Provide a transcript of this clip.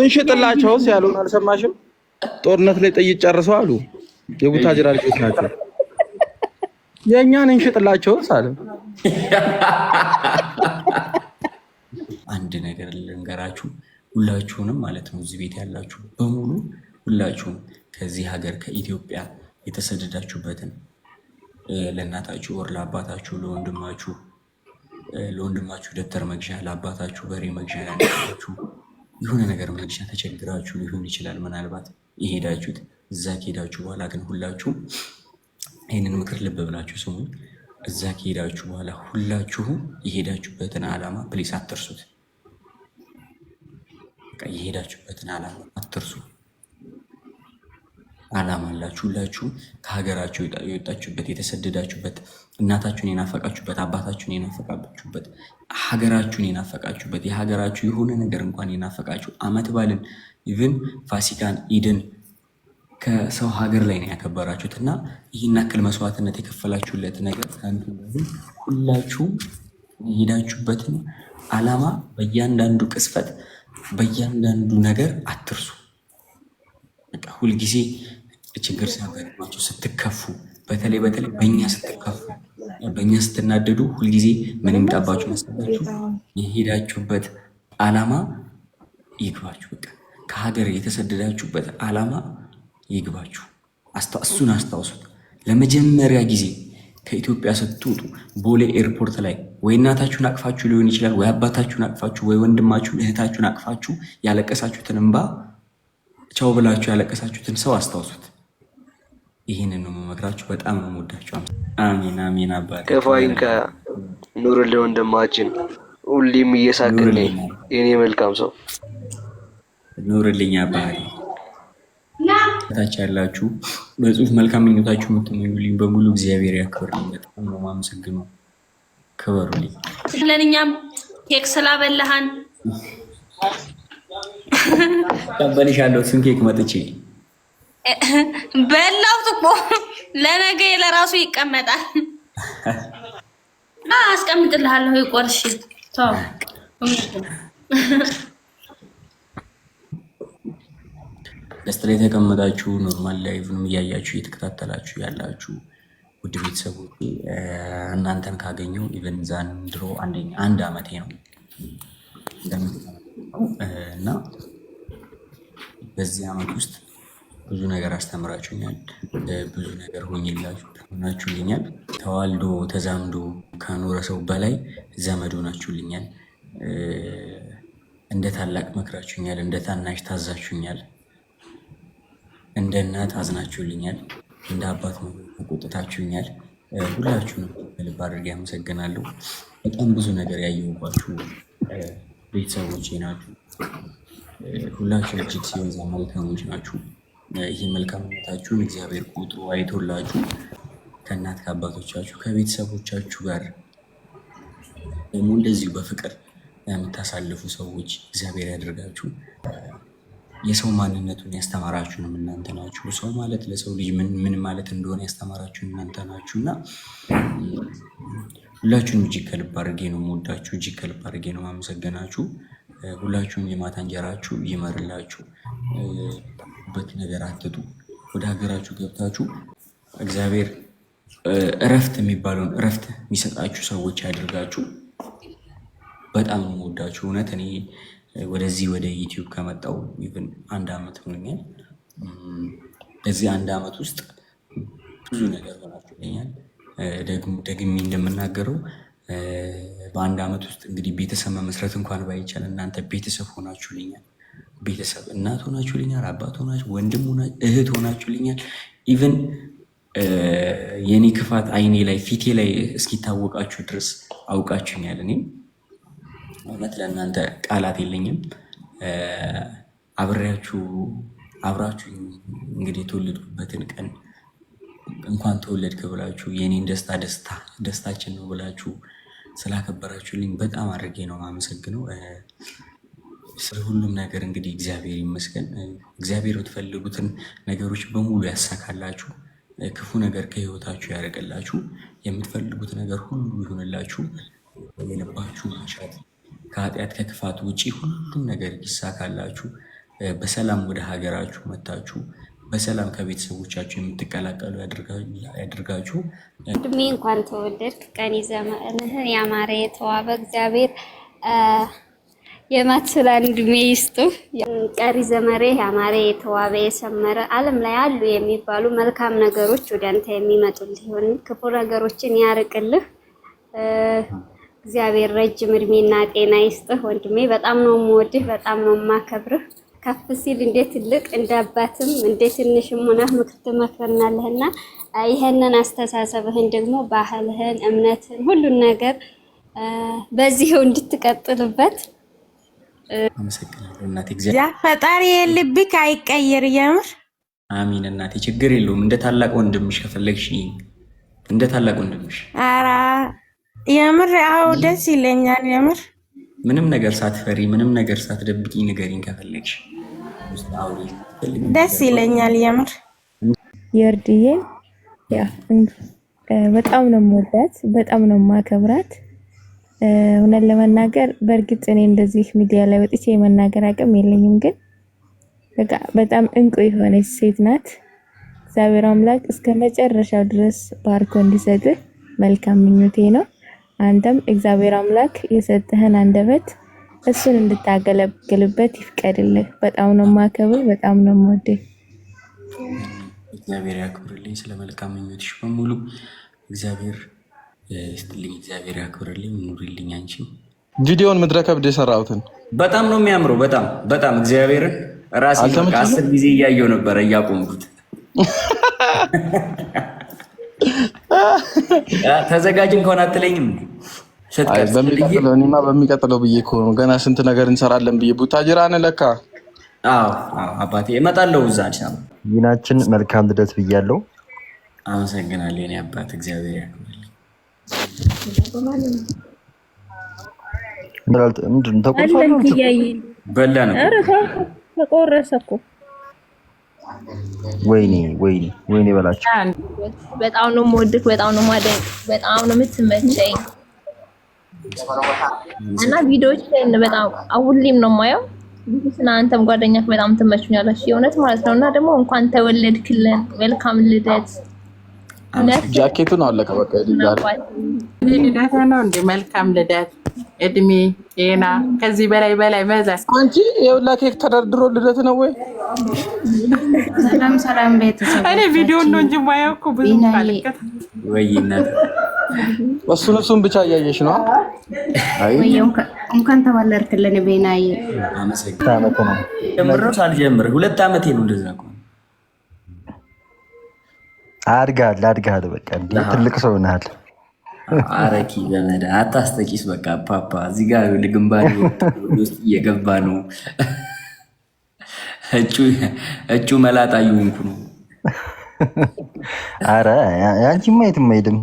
እንሽጥላቸው ያሉን አልሰማሽም? ጦርነት ላይ ጥይት ጨርሰው አሉ። የቡታጅራ ልጆች ናቸው። የእኛን እንሽጥላቸውስ አለ። አንድ ነገር ልንገራችሁ ሁላችሁንም ማለት ነው እዚህ ቤት ያላችሁ በሙሉ ሁላችሁም ከዚህ ሀገር ከኢትዮጵያ የተሰደዳችሁበትን ለእናታችሁ ወር ለአባታችሁ ለወንድማችሁ ለወንድማችሁ ደብተር መግዣ ለአባታችሁ በሬ መግዣ ያላችሁ የሆነ ነገር ብቻ ተቸግራችሁ ሊሆን ይችላል። ምናልባት የሄዳችሁት እዛ ከሄዳችሁ በኋላ ግን ሁላችሁም ይህንን ምክር ልብ ብላችሁ ስሙ። እዛ ከሄዳችሁ በኋላ ሁላችሁም የሄዳችሁበትን ዓላማ ፕሊስ አትርሱት። የሄዳችሁበትን ዓላማ አትርሱት። ዓላማ አላችሁ። ሁላችሁም ከሀገራችሁ የወጣችሁበት የተሰደዳችሁበት፣ እናታችሁን የናፈቃችሁበት፣ አባታችሁን የናፈቃችሁበት፣ ሀገራችሁን የናፈቃችሁበት፣ የሀገራችሁ የሆነ ነገር እንኳን የናፈቃችሁ አመት ባልን ኢቭን ፋሲካን፣ ኢድን ከሰው ሀገር ላይ ነው ያከበራችሁት እና ይህን ያክል መስዋዕትነት የከፈላችሁለት ነገር ከአንዱ ሁላችሁም የሄዳችሁበትን ዓላማ በእያንዳንዱ ቅስፈት በእያንዳንዱ ነገር አትርሱ። ሁልጊዜ ችግር ሲያጋጥማችሁ ስትከፉ፣ በተለይ በተለይ በእኛ ስትከፉ፣ በእኛ ስትናደዱ፣ ሁልጊዜ ምን ይምጣባችሁ መሰላችሁ? የሄዳችሁበት አላማ ይግባችሁ። በቃ ከሀገር የተሰደዳችሁበት አላማ ይግባችሁ። እሱን አስታውሱት። ለመጀመሪያ ጊዜ ከኢትዮጵያ ስትወጡ ቦሌ ኤርፖርት ላይ ወይ እናታችሁን አቅፋችሁ ሊሆን ይችላል፣ ወይ አባታችሁን አቅፋችሁ፣ ወይ ወንድማችሁን እህታችሁን አቅፋችሁ ያለቀሳችሁትን እንባ ቻው ብላችሁ ያለቀሳችሁትን ሰው አስታውሱት። ይህንን ነው መመክራችሁ። በጣም ነው የምወዳችሁ። አሚን አሚን። አባ ከፋይን ከኑርልን ወንድማችን፣ ሁሌም እየሳቅልኝ የኔ መልካም ሰው ኑርልኝ አባህል ታች ያላችሁ በጽሁፍ መልካም ምኞታችሁ የምትመኙልኝ በሙሉ እግዚአብሔር ያክብርልኝ። በጣም ነው የማመሰግነው። ክበሩልኝ። ስለንኛም ኬክ ስላበላሃን ቀበልሻለሁ። ስንት ኬክ መጥቼ በላሁት እኮ ለነገ ለራሱ ይቀመጣል። አስቀምጥልሃለሁ። ይቆርሽ ተው። ደስታ ላይ የተቀመጣችሁ ኖርማል ላይቭንም እያያችሁ እየተከታተላችሁ ያላችሁ ውድ ቤተሰቦች እናንተን ካገኘው ኢቨን ዛንድሮ አንደኛ አንድ አመቴ ነው እና በዚህ አመት ውስጥ ብዙ ነገር አስተምራችሁኛል። ብዙ ነገር ሆኝላችሁ ሆናችሁልኛል። ተዋልዶ ተዛምዶ ከኖረ ሰው በላይ ዘመድ ሆናችሁልኛል። እንደ ታላቅ መክራችሁኛል፣ እንደ ታናሽ ታዛችሁኛል፣ እንደ እናት አዝናችሁልኛል፣ እንደ አባት መቆጥታችሁኛል። ሁላችሁንም ልብ አድርጌ አመሰግናለሁ። በጣም ብዙ ነገር ያየሁባችሁ ቤተሰቦቼ ናችሁ። ሁላችሁ እጅግ ሲበዛ መልካሞች ናችሁ። ይህ መልካምነታችሁን እግዚአብሔር ቆጥሮ አይቶላችሁ ከእናት ከአባቶቻችሁ ከቤተሰቦቻችሁ ጋር ደግሞ እንደዚሁ በፍቅር የምታሳልፉ ሰዎች እግዚአብሔር ያደርጋችሁ። የሰው ማንነቱን ያስተማራችሁንም እናንተ ናችሁ። ሰው ማለት ለሰው ልጅ ምን ማለት እንደሆነ ያስተማራችሁን እናንተ ናችሁ እና ሁላችሁንም እጅግ ከልብ አድርጌ ነው የምወዳችሁ። እጅግ ከልብ አድርጌ ነው የማመሰገናችሁ። ሁላችሁም የማታ እንጀራችሁ ይመርላችሁ። በት ነገር አትጡ። ወደ ሀገራችሁ ገብታችሁ እግዚአብሔር እረፍት የሚባለውን እረፍት የሚሰጣችሁ ሰዎች ያድርጋችሁ። በጣም ነው የምወዳችሁ። እውነት እኔ ወደዚህ ወደ ዩቲዩብ ከመጣሁ ኢቭን አንድ ዓመት ሆኖኛል። በዚህ አንድ ዓመት ውስጥ ብዙ ነገር ሆናችሁልኛል። ደግሜ እንደምናገረው በአንድ ዓመት ውስጥ እንግዲህ ቤተሰብ መመስረት እንኳን ባይቻል እናንተ ቤተሰብ ሆናችሁልኛል። ቤተሰብ እናት ሆናችሁልኛል፣ አባት ሆናችሁ፣ ወንድም እህት ሆናችሁልኛል። ኢቨን የእኔ ክፋት አይኔ ላይ ፊቴ ላይ እስኪታወቃችሁ ድረስ አውቃችሁኛል። እኔ እውነት ለእናንተ ቃላት የለኝም። አብሬያችሁ አብራችሁ እንግዲህ የተወለድኩበትን ቀን እንኳን ተወለድክ ብላችሁ የኔን ደስታ ደስታ ደስታችን ነው ብላችሁ ስላከበራችሁልኝ በጣም አድርጌ ነው የማመሰግነው። ስለ ሁሉም ነገር እንግዲህ እግዚአብሔር ይመስገን። እግዚአብሔር የምትፈልጉትን ነገሮች በሙሉ ያሳካላችሁ፣ ክፉ ነገር ከህይወታችሁ ያደርገላችሁ፣ የምትፈልጉት ነገር ሁሉ ይሆንላችሁ። የልባችሁ መሻት ከኃጢአት ከክፋት ውጪ ሁሉም ነገር ይሳካላችሁ። በሰላም ወደ ሀገራችሁ መታችሁ በሰላም ከቤተሰቦቻችሁ የምትቀላቀሉ ያድርጋችሁ። ወንድሜ እንኳን ተወለድክ። ቀኒ ዘመንህ ያማረ የተዋበ እግዚአብሔር የማትስላን እድሜ ይስጡ። ቀሪ ዘመሬ ያማረ የተዋበ የሰመረ ዓለም ላይ አሉ የሚባሉ መልካም ነገሮች ወደ አንተ የሚመጡልህ ይሆን። ክፉ ነገሮችን ያርቅልህ እግዚአብሔር። ረጅም እድሜና ጤና ይስጥህ ወንድሜ። በጣም ነው የምወድህ፣ በጣም ነው የማከብርህ። ከፍ ሲል እንደ ትልቅ እንደ አባትም እንደ ትንሽም ሆነህ ምክር ይህንን አስተሳሰብህን ደግሞ ባህልህን፣ እምነትህን ሁሉን ነገር በዚህው እንድትቀጥልበት አመሰግናለሁ ፈጣሪ ልብክ አይቀየር። የምር አሚን እናቴ። ችግር የለውም እንደ ታላቅ ወንድምሽ ከፈለግሽ እንደ ታላቅ ወንድምሽ። አራ የምር አዎ ደስ ይለኛል የምር ምንም ነገር ሳትፈሪ ምንም ነገር ሳትደብቂ ንገሪኝ ከፈለግሽ። ደስ ይለኛል የምር የእርድዬ በጣም ነው የምወዳት፣ በጣም ነው የማከብራት። እውነት ለመናገር በእርግጥ እኔ እንደዚህ ሚዲያ ላይ ወጥቼ የመናገር አቅም የለኝም፣ ግን በቃ በጣም እንቁ የሆነች ሴት ናት። እግዚአብሔር አምላክ እስከ መጨረሻው ድረስ ባርኮ እንዲሰጥህ መልካም ምኞቴ ነው። አንተም እግዚአብሔር አምላክ የሰጠህን አንደበት እሱን እንድታገለግልበት ይፍቀድልህ። በጣም ነው ማከብር፣ በጣም ነው ወደ እግዚአብሔር ያክብርልኝ። ስለ መልካም ምኞትሽ በሙሉ እግዚአብሔር ይስጥልኝ፣ እግዚአብሔር ያክብርልኝ፣ ኑሪልኝ። አንቺ ቪዲዮን ምድረ ከብድ የሰራሁትን በጣም ነው የሚያምረው። በጣም በጣም እግዚአብሔርን ራሴ አስር ጊዜ እያየው ነበረ እያቆምኩት ተዘጋጅ እንኳን አትለኝም እኔማ በሚቀጥለው ብዬ እኮ ነው ገና ስንት ነገር እንሰራለን ብዬ ቡታጅራ ነህ ለካ። አባቴ እመጣለሁ እዛ አዲስ አበባ። መልካም ልደት ብያለሁ። አመሰግናለሁ የእኔ አባት እግዚአብሔር ያክብርልኝ። በላን ተቆረሰ እኮ ወይኔ ወይኔ ወይኔ በላቸው። በጣም ነው የምወድህ፣ በጣም ነው የማደንቅ፣ በጣም ነው የምትመቸኝ እና ቪዲዮዎችን በጣም አውሊም ነው የማየው። ስና አንተም ጓደኛ በጣም ትመቹኛለሽ የእውነት ማለት ነው። እና ደግሞ እንኳን ተወለድክልን መልካም ልደት። ጃኬቱን አለቀ በቃ ልደት ነው እንደ መልካም ልደት፣ እድሜ፣ ጤና ከዚህ በላይ በላይ መዛት አንቺ የሁላ ኬክ ተደርድሮ ልደት ነው ወይ? ሰላም ሰላም ቤተሰብ እኔ ቪዲዮ ነው እንጂ ማየው እኮ ብዙ ካልከት ወይነት እሱን እሱን ብቻ እያየሽ ነው። እንኳን ተባለርክልን ቤናዬ ሳልጀምር ሁለት ዓመቴ ነው። እንደዛ አድጋል አድጋል። በቃ ትልቅ ሰው ናል። አረኪ ዘመድ አታስጠቂስ። በቃ ፓፓ እዚህ ጋር ልግንባሪ ውስጥ እየገባ ነው። እጩ መላጣ ይሁንኩ ነው። አረ ያንቺማ የትም አይሄድም።